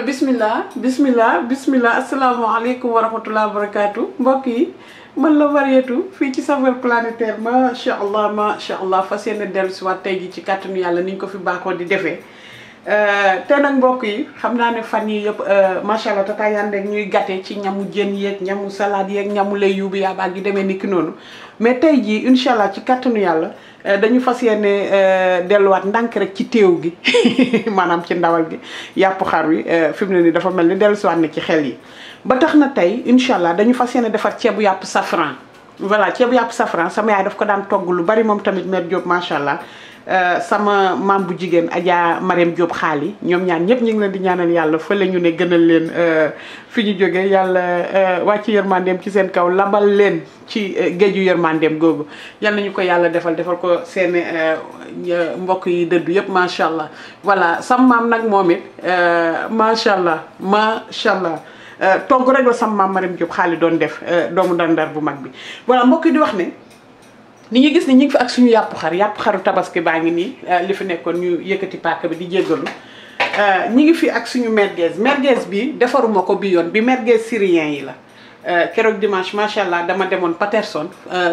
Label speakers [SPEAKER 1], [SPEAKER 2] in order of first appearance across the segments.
[SPEAKER 1] bismillah bismillah bismillah asalaamaaleykum wa rahmatulah barakaatu mbokk yi man la Marietou fii ci Saveurs Planétaires macha allah macha allah fas yéene dellusiwaat tey jii ci kàttanu yàlla ni ñu ko fi baaxoo di defee. Euh, te nag mbokk yi xam naa ne fan yi yëpp euh, macha allah tata ñuy gàtte ci ñamu jën yeeg ñamu salade yeeg ñamu lay yuubi yaabaa gi demee ni ki noonu mais tey jii incha allah ci kàttanu yàlla euh, dañu fas yéene delluwaat ndànk rek ci teew gi maanaam ci ndawal gi yàpp xar wi fi mu ne nii mel ni dellusiwaat na ci xel yi. ba tax na tey incha allah dañu fas yéene defar ceebu yàpp safran voilà ceeb yàpp safran sama yaay daf ko daan togg lu bari moom tamit mère Diop macha allah. Euh, sama mam bu aja Adja Marème Diop xaali ñom ñaan ñep ñi ngi leen di ñaanal fa la ñu ne gënal leen euh, fi ñu jógee yàlla euh, wacc yermandem ci seen kaw labal leen ci geju yermandem gogo yalla ñu ko yalla defal defal ko seen mbokk yi yep ma sha allah voilà sam mam nag moom ma sha allah sha allah togg rek la sam mam mariam Diop khali doon def doomu dandar bu mag bi voilà mbokk di wax ne ni ngi gis ni ñu ngi fi ak suñu yàpp xar yàpp xaru tabaski baa ngi nii euh, li fi nekkoon ñu yëkkati paaka bi di jéggalu euh, ñi ngi fi ak suñu merguez merguez bi defaruma ko bi yoon bi merguez syrien yi la euh, keroog dimanche macha allah dama demoon Paterson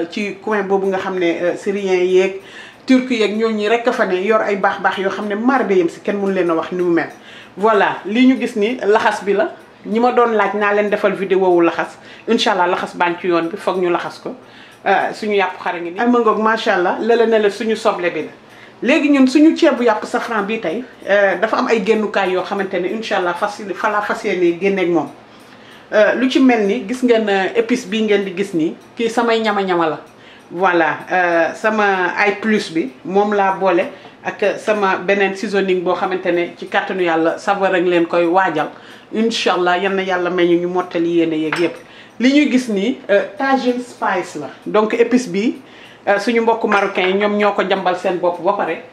[SPEAKER 1] ci coin boobu nga xam ne syrien yeeg turc yeeg ñooñu rek a fa ne yor ay baax baax yoo xam ne mar ba yem si kenn mun leen a wax ni mu mel voilà lii ñu gis ni laxas bi la ñi ma doon laaj naa leen defal vidéo wu laxas incha allah laxas baan ci yoon bi foog ñu laxas ko Euh, suñu yàpp xar ngi nii. ay mangoog macha allah lële ne suñu soble bi la léegi ñun suñu ceebu yàpp safran bii tey euh, dafa am ay génnukaay yoo xamante ne incha allah fas fala fas yéene génneeg moom. Euh, lu ci mel ni gis ngeen épice bi ngeen di gis nii kii samay ñama-ñama la voilà sama ay plus bi moom laa boole ak sama beneen seasoning boo xamante ne ci kàttanu yàlla saveur ak leen koy waajal incha allah yal na yàlla may ñu ñu mottali yéene yeeg yëpp. li ñuy gis nii euh, tajine spice la donc épice bi euh, suñu mbokku marocain yi ñoom ñoo ko jàmbal seen bopp ba pare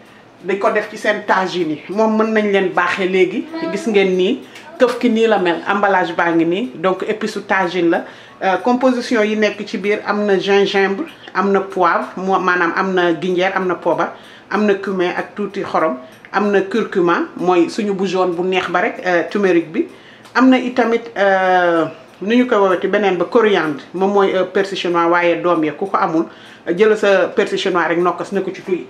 [SPEAKER 1] di ko def ci seen tajine yi moom mën nañ leen baaxee léegi ah. gis ngeen nii këf ki nii la mel emballage baa ngi nii donc épice tajine la euh, composition yi nekk ci biir am na gingembre am na poivre moo maanaam am na ginjeer am na poobar am na cumin ak tuuti xorom am na curcuma mooy suñu bu bu neex ba rek turmeric bi am na itamit nu ñu koy woowati beneen ba coriandre moom mooy euh, persil waaye doom ya ku ko amul jël sa persil chinois rek nokkas na ko ci tuy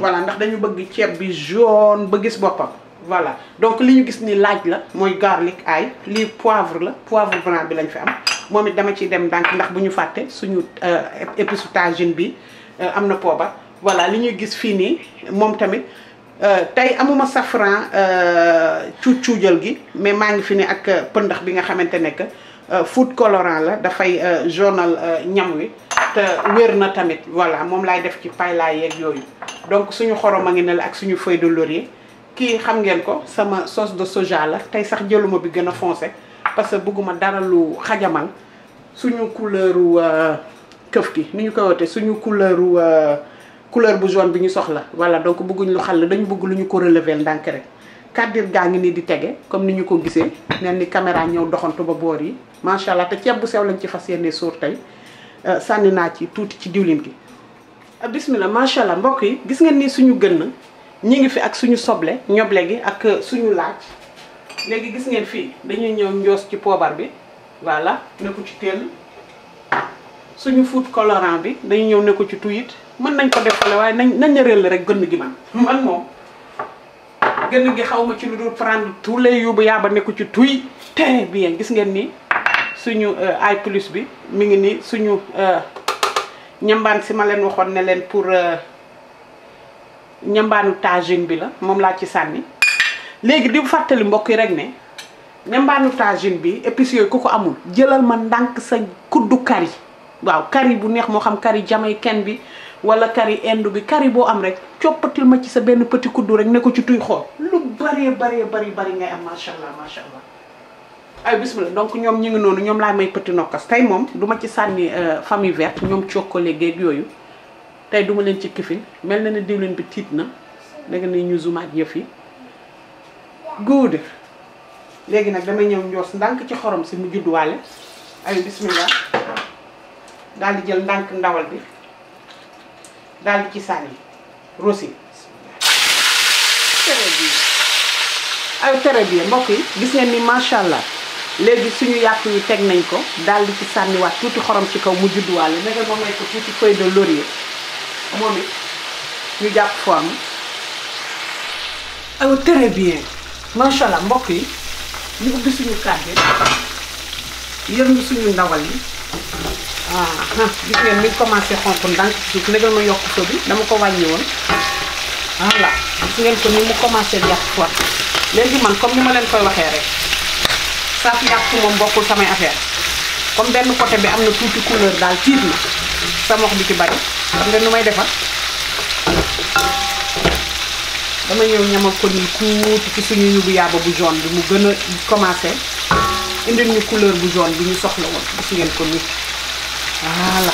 [SPEAKER 1] voilà ndax dañu bëgg ceeb bi jaune ba gis boppam voilà donc li ñu gis ni laaj la mooy garlic ail lii poivre la poivre blanc bi lañ fi am moom it dama ciy dem ndànk ndax bu ñu fàtte suñu euh, épice tagine bi euh, am na poobar voilà li ñuy gis fii nii moom tamit tey amuma safran cuuj cuujal gi mais maa ngi fi ne ak pëndax bi nga xamante ne Euh, food colorant la euh, journal euh, ñam wi te tamit voilà mom lay def ci payla paillettes. donc suñu xoro ma ngi ak suñu feuille de laurier xam ngeen sama sauce de soja la tay sax jëluma bi gëna parce que bëgguma dara lu xajamal suñu couleur bu jaune bi ñu soxla voilà donc bëgguñ lu xal dañu bëgg lu ñu ko relever kàddir gaa ngi nii di tege comme ni ñu ko gisee nen ni caméra ñëw doxantu ba boor yi macha allah te ceeb bu sew lañ ci fas yéene suur tey euh, sànni naa ci tuuti ci diwlin gi. ak euh, bismillah macha allah mbokk yi gis ngeen ni suñu gën ñi ngi fi ak suñu soble ñoble gi ak euh, suñu laaj léegi gis ngeen fii dañuy ñëw njoos ci poobar bi voilà ne ci teel suñu food colorant bi dañu ñëw ne ko ci it mën nañ ko def defale waaye nañ nañ la rek gën gi man man gën gi xaw ma ci lu dul prendre tous les yóbbu ba nekku ci tuy très bien gis ngeen ni suñu ay euh, plus bi mi ngi nii suñu euh, ñambaan si ma leen waxoon ne leen pour euh, ñambaanu tagine bi la moom laa ci sànni léegi di fàttali mbokk yi rek ne ñambaanu tagine bi épices yooyu ku ko amul jëlal ma ndànk sa kuddu kari waaw kari bu neex moo xam kari jamaïcain bi wala kari endu bi kari boo am rek coppatil ma ci sa benn petit kuddu rek ne ko ci tuy xool lu bëree bëree bëri bëri ngay am macha allah macha allah ay bismillah donc ñoom ñu ngi noonu ñoom laa may petit nokkas tey moom du ma ci sànni euh, famille verte ñoom cokkale géeg yooyu tey duma leen ci kifin mel na ne diwlin bi tiit na danga ne ñu zumaat yëf yi good léegi nag damay ñëw njoos ndànk ci xorom si mu judduwaale ay bismillah daal di jël ndànk ndawal bi daal ci sànni rosi très bien ay ah, très bien mbokk yi gis ni macha allah léegi suñu yàpp yi teg nañ ko daal di ci sànniwaat tuuti xorom ci kaw mu judduwaale naka moom may ko tuuti feuille de laurier moom it ñu jàpp foam ay ah, très bien macha allah mbokk yi ñu ubbi suñu kàdde yërnu suñu ndawal yi ah gis ngeen mi commencé xonq ndànk suuf négal ma yokk ko bi dama ko wàññi woon voilà gis ngeen ko ni mu commencé yàq quoi léegi man comme ni ma leen koy waxee rek saaf yàq moom bokkul samay affaire comme benn côté bi am na tuuti couleur daal tiit na sama wax bi ci bari nga nu may defar dama ñëw ñamal ko nii tuuti ci suñu ñubu yaaba bu jaune bi mu gën a commencé indil ñu couleur bu jaune bi ñu soxla woon gis ngeen ko nii voilà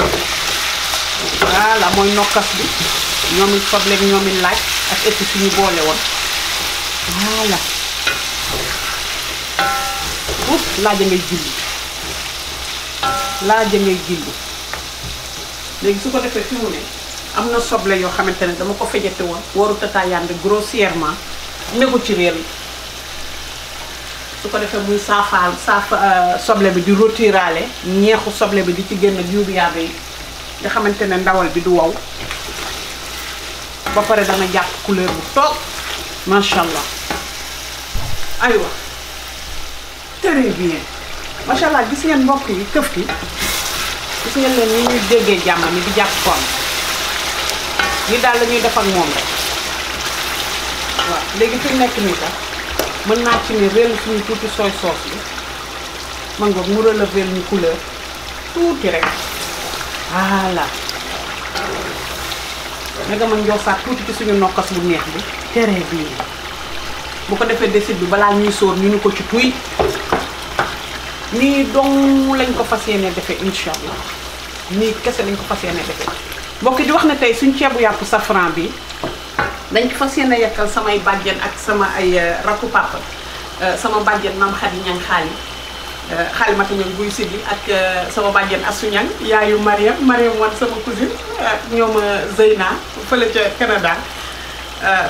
[SPEAKER 1] voilà mooy nokkas bi ñoom it soble ñoom it laaj ak épices yi ñu boole woon voilà ouf laaja ngay julli laaja ngay julli léegi su ko defee fi mu ne am na soble yoo xamante ne dama ko fejete woon waru tataayaan bi grossièrement négocié réel su ko defee muy saafaal saaf soble bi di rotiraale ñeexu soble bi di ci génn ak yóbbu yàbb yi nga xamante ne ndawal bi du wow ba pare dana jàpp couleur bu toog macha allah aywa très bien macha allah gis ngeen mbokk yi këf gi gis ngeen leen ni ñuy déggee jàmm ni di jàpp koom ni daal la ñuy def ak moom rek waaw léegi fi mu nekk nii sax mën naa ci ne réel suñu tuuti sooy soos bi man boobu mu relever ñu couleur tuuti rek voilà nga mën jox sax tuuti ci suñu nokkas bu neex bi tere bii bu ko defee desit bi balaa ñuy sóor ñu ñu ko ci tuy nii dong lañ ko fas yéene defee incha allah nii kese lañ ko fas yéene defee mbokk di wax na tey suñ ceebu yàpp safran bi dañ fas yéene yekkal samay bàjjen ak sama ay euh, rakku papa euh, sama bàjjen maam Khady Niang xaali xaali euh, mata ñang buy sigi ak sama bàjjen Assou Niang yaayu Mariam Mariam wan sama cousine ak ñoom Zeyna fële ca Canada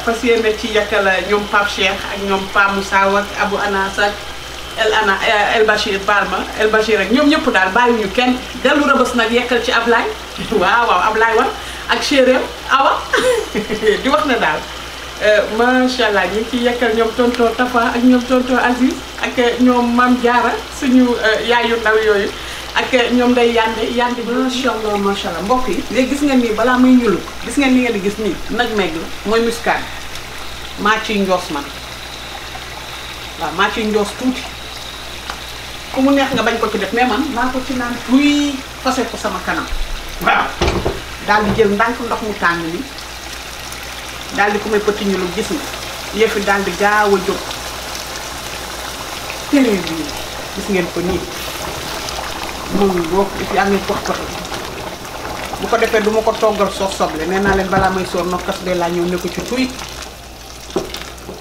[SPEAKER 1] fas yéene ci yekkal ñoom Pape Cheikh ak ñoom Pape Moussa ak Abou Anas ak El Ana El Bachir Balma El Bachir ñoom ñëpp daal bàyyi ñu kenn dellu rëbës nag yekkal ci Ablaye waaw waaw Ablaye wan ak chéréem awa di wax na daal euh, macha allah yi ci ciy yekkal ñoom tonton Tafa ak ñoom tonton Aziz ak euh, ñoom Mame Diarra suñu euh, yaayu ndaw yooyu ak ñoom day yande yande bi allah mbokk yi léegi gis ngeen nii balaa muy ñulu gis ngeen li ngeen di gis nii nag meeg la mooy muskaan maa ciy njoos man waaw maa njoos tuuti ku mu neex nga bañ ko ci def mais man maa ko ci naan buy fase ko sama kanam waaw daal di jël ndànk ndox mu tàng mi daal di ko may pëtt ñu lu gis nga yëf yi daal di gaaw a jóg télé bi gis ngeen ko nii moom boo fi amee pox pox bu ko defee du ma ko toggal soof soble nee naa leen balaa may soor nokkas de laa ñëw ne ko ci tuy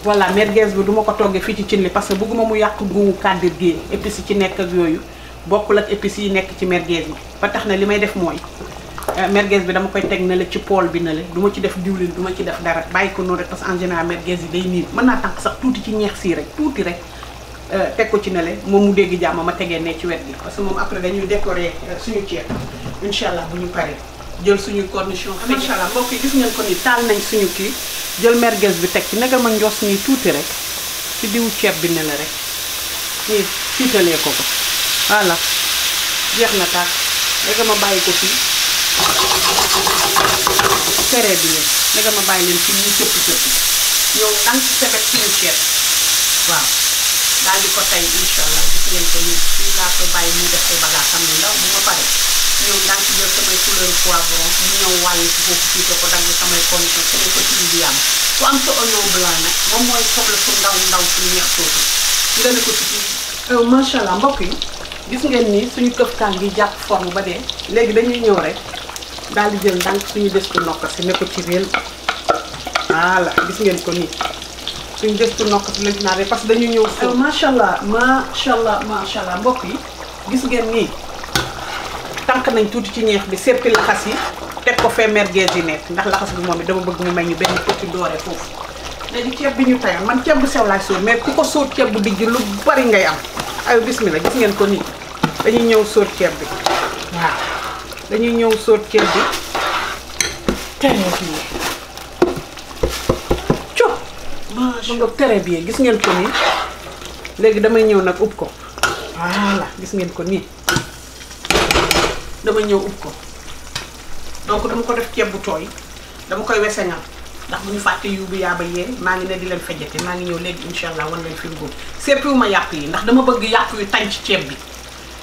[SPEAKER 1] voilà merguez bi du ma ko toggee fii ci cin li parce que bëgguma mu yàq guubu kàddir gi épices ci nekk ak yooyu bokkul ak épices yi nekk ci merguez bi ba tax na li may def mooy Euh, merguez bi dama koy teg na ci pool bi na duma ci def diwlin du ci def dara bàyyi ko noonu rek parce que en général merguez yi day niin mën naa tànk sax tuuti ci ñeex sii rek tuuti rek euh, teg ko ci na moom mu dégg jàmm ma tegee ne ci wet bi parce que moom après dañuy décorer euh, suñu ceeb incha allah bu ñu paree jël suñu cornichon xam incha allah mbokk yi gis ngeen ko ni taal nañ suñu kii jël merguez bi teg ci nega ma njoos nii tuuti rek ci diwu ceeb bi ne rek nii tiitalee na taak ma bàyyi ko fere bi leen naka ma bàyyi leen ci ñu sëpp sëpp ñëw waaw daal di ko tey incha allah gis ngeen ko nii fii laa ko bàyyi muy def ay bagage am ne ndaw bu ma pare ñëw daal ci jël mu ñëw wàññi ci foofu fii ko dagg samay condition samay petits yam ku am sa oignon blanc nag moom mooy soble su ndaw ndaw su neex soosu nga euh, mbokk yi gis ngeen ni suñu këf kaan gi jàpp forme ba dee léegi dañuy ñëw rek dal di jël ndànk suñu dëstu nokk si ne ko ci réel voilà gis ngeen ko ni suñu ko nokk ci lañ naaree parce dañu ñëw euh, ma sha allah sha allah sha allah mbokk yi gis ngeen ni tank nañ tuti ci ñeex bi seppi laxas yi teg ko mer merguez yi nekk ndax la bi moom dama bëgg mu may ñu benn ci doore fofu dañu ciëb bi ñu tay man ciëb bu sew laay sóor mais ku ko sóor ciëb bu dijj lu bari ngay am ayo bismillah gis ngeen ko ni dañu ñëw sóor ciëb bi waaw dañuy ñëw sóot ceeb bi très bien co mu nga très bien gis ngeen ko nii léegi damay ñëw nag ub ko voilà gis ngeen ko nii dama ñëw ub ko donc dama ko def ceeb bu tooy dama koy weseñal ndax bu ñu fàtte yu bu yaaba yee maa ngi ne di leen fejjate maa ngi ñëw léegi incha allah wan leen fi mu góob ma yàpp yi ndax dama bëgg yàpp yu tànc ceeb bi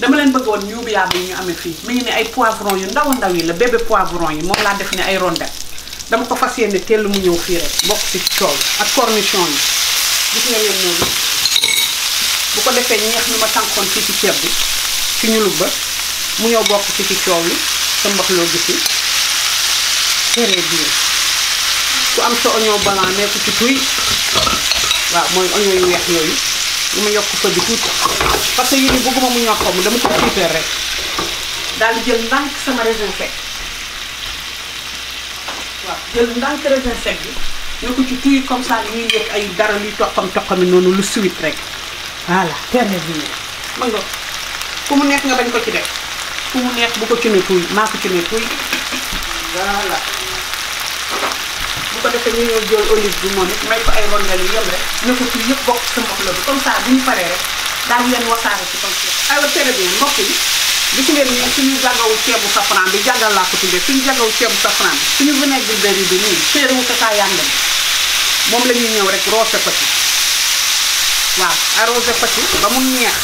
[SPEAKER 1] dama leen bëggoon ñuubiyaab yi ñu amee fii mu ngi ne ay poivron yu ndaw ndaw yi la bébé poivron yi moom laa def ne ay rondelle dama ko fas yéene teel mu ñëw fii rek bokk ci coow ak cornichon yi gis bu ko defee ñeex ñu ma tànkoon fii ci ceeb bi ci ñu lu ba mu ñëw bokk ci ci coow li sa mbax loo gisi très bien ku am sa oignon blanc nekk ci tuy waaw mooy oignon yu weex yooyu mu yokk ko bi parce que yéen bëgguma mu ñor xaw dama ko tiiteel rek daal di jël ndànk sama raisin sec waaw jël ndànk raisin sec bi ñoo ko ci tuuti comme ça ñuy yëg ay dara luy toqam toqami noonu lu suwit rek voilà terre bi mën nga ku mu nekk nga bañ ko ci def ku mu nekk bu ko ci ne tuuti maa ko ci ne tuuti voilà. ko defee ñu ñëw jël olive bi moom it may ko ay rondelles yu yem rek ne ko fii yëpp bokk sa mboq bi comme ça bu ñu paree rek daal leen wasaare ci comme ça. aywa très bien mbokk yi ceebu safran bi jàngal laa ko tuddee suñu jàngawu ceebu safran bi suñu vinaigre de riz bi nii téere wu ko saa moom la ñuy ñëw rek roose ko ci waaw arrosé ko ci ba mu ñeex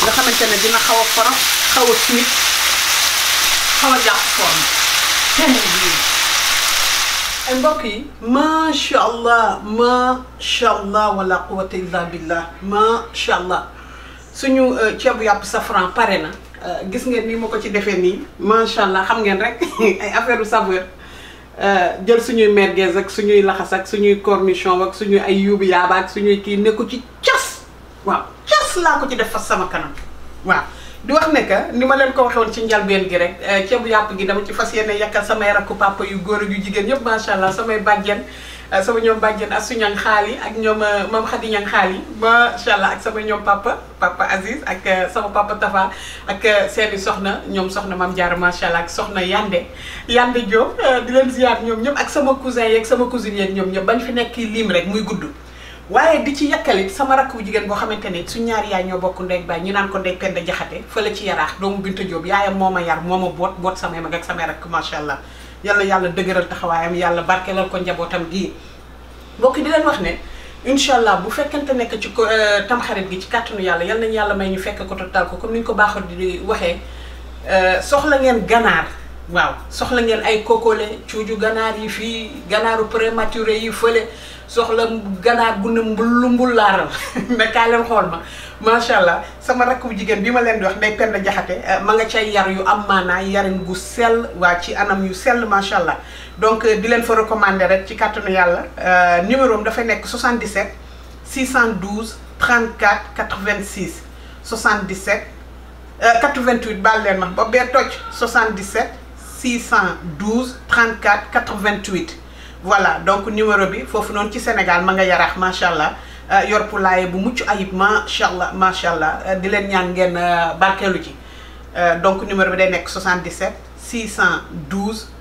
[SPEAKER 1] nga xamante ne dina xaw a forox xaw a siit xaw a jàpp ay mbokk yi macha allah macha allah wala quwata illa billah macha allah suñu euh, ceebu yàpp safran pare na euh, gis ngeen ni moo ko ci defee nii macha allah xam ngeen rek ay affaire u saveur euh, jël suñuy merguez ak suñuy laxas ak suñuy cornichon ak suñuy ay yuubu yaaba ak suñuy kii nekku ci cas waaw cas laa ko ci def fas sama kanam waaw du am ne que ni ma leen ko waxoon ci njalbeen gi rek eh, ceebu yàpp gi dama ci fas yéene yàkkal samay rakku papa yu góor ak yu jigéen yëpp macha allah samay bàjjen eh, sama ñoom bàjjen ak suñu xaali ak ñoom eh, mam xadi ñang xaali macha allah sama ñoom papa papa Aziz ak sama papa Tafa ak seeni soxna ñoom soxna maam Diarra macha allah ak soxna Yande Yande Diop di leen ziar ñoom ñëpp ak sama cousin yeeg sama cousine yeeg ñoom ñëpp bañ fi nekk lim rek muy gudd. waaye di ci yàkkal sama rakk bu jigéen boo xamante ne su ñaari yaay ñoo bokk ndey baay ñu naan ko ndey Penda Jaxate fële ci yaraax doomu Binta Jóob yaayam moo ma yar moo ma boot boot samay mag ak samay rakk macha allah yàlla yàlla dëgëral taxawaayam yàlla barkeelal ko njabootam gii mbokk di leen wax ne incha allah bu fekkente nekk ci ko euh, tamxarit gi ci kàttanu yàlla yal nañu yàlla may ñu fekk ko total ko comme ni ñu ko baaxoo di waxee euh, soxla ngeen ganaar waaw soxla ngeen ay kokole cuuju ganaar yi fii ganaaru prématuré yi fële soxla ganaar gu ne mbullu mbullaaral mais kaa leen xool ma macha allah sama rakk bu jigéen bi ma leen di wax nday penn jaxate eh, ma nga cay yar yu am maanaa yarin gu sel waa ci anam yu sell macha allah donc eh, di leen fa recommander rek ci kàttanu yàlla eh, numéro am dafay nekk 77 612 34 86 77 88 baal leen ma ba bee toj 77 612 34 88 voilà donc numéro bi fofu non ci Sénégal ma nga yarax machallah euh, yor yor laye bu muccu ayib machallah euh, euh, donc numéro bi day 77 612.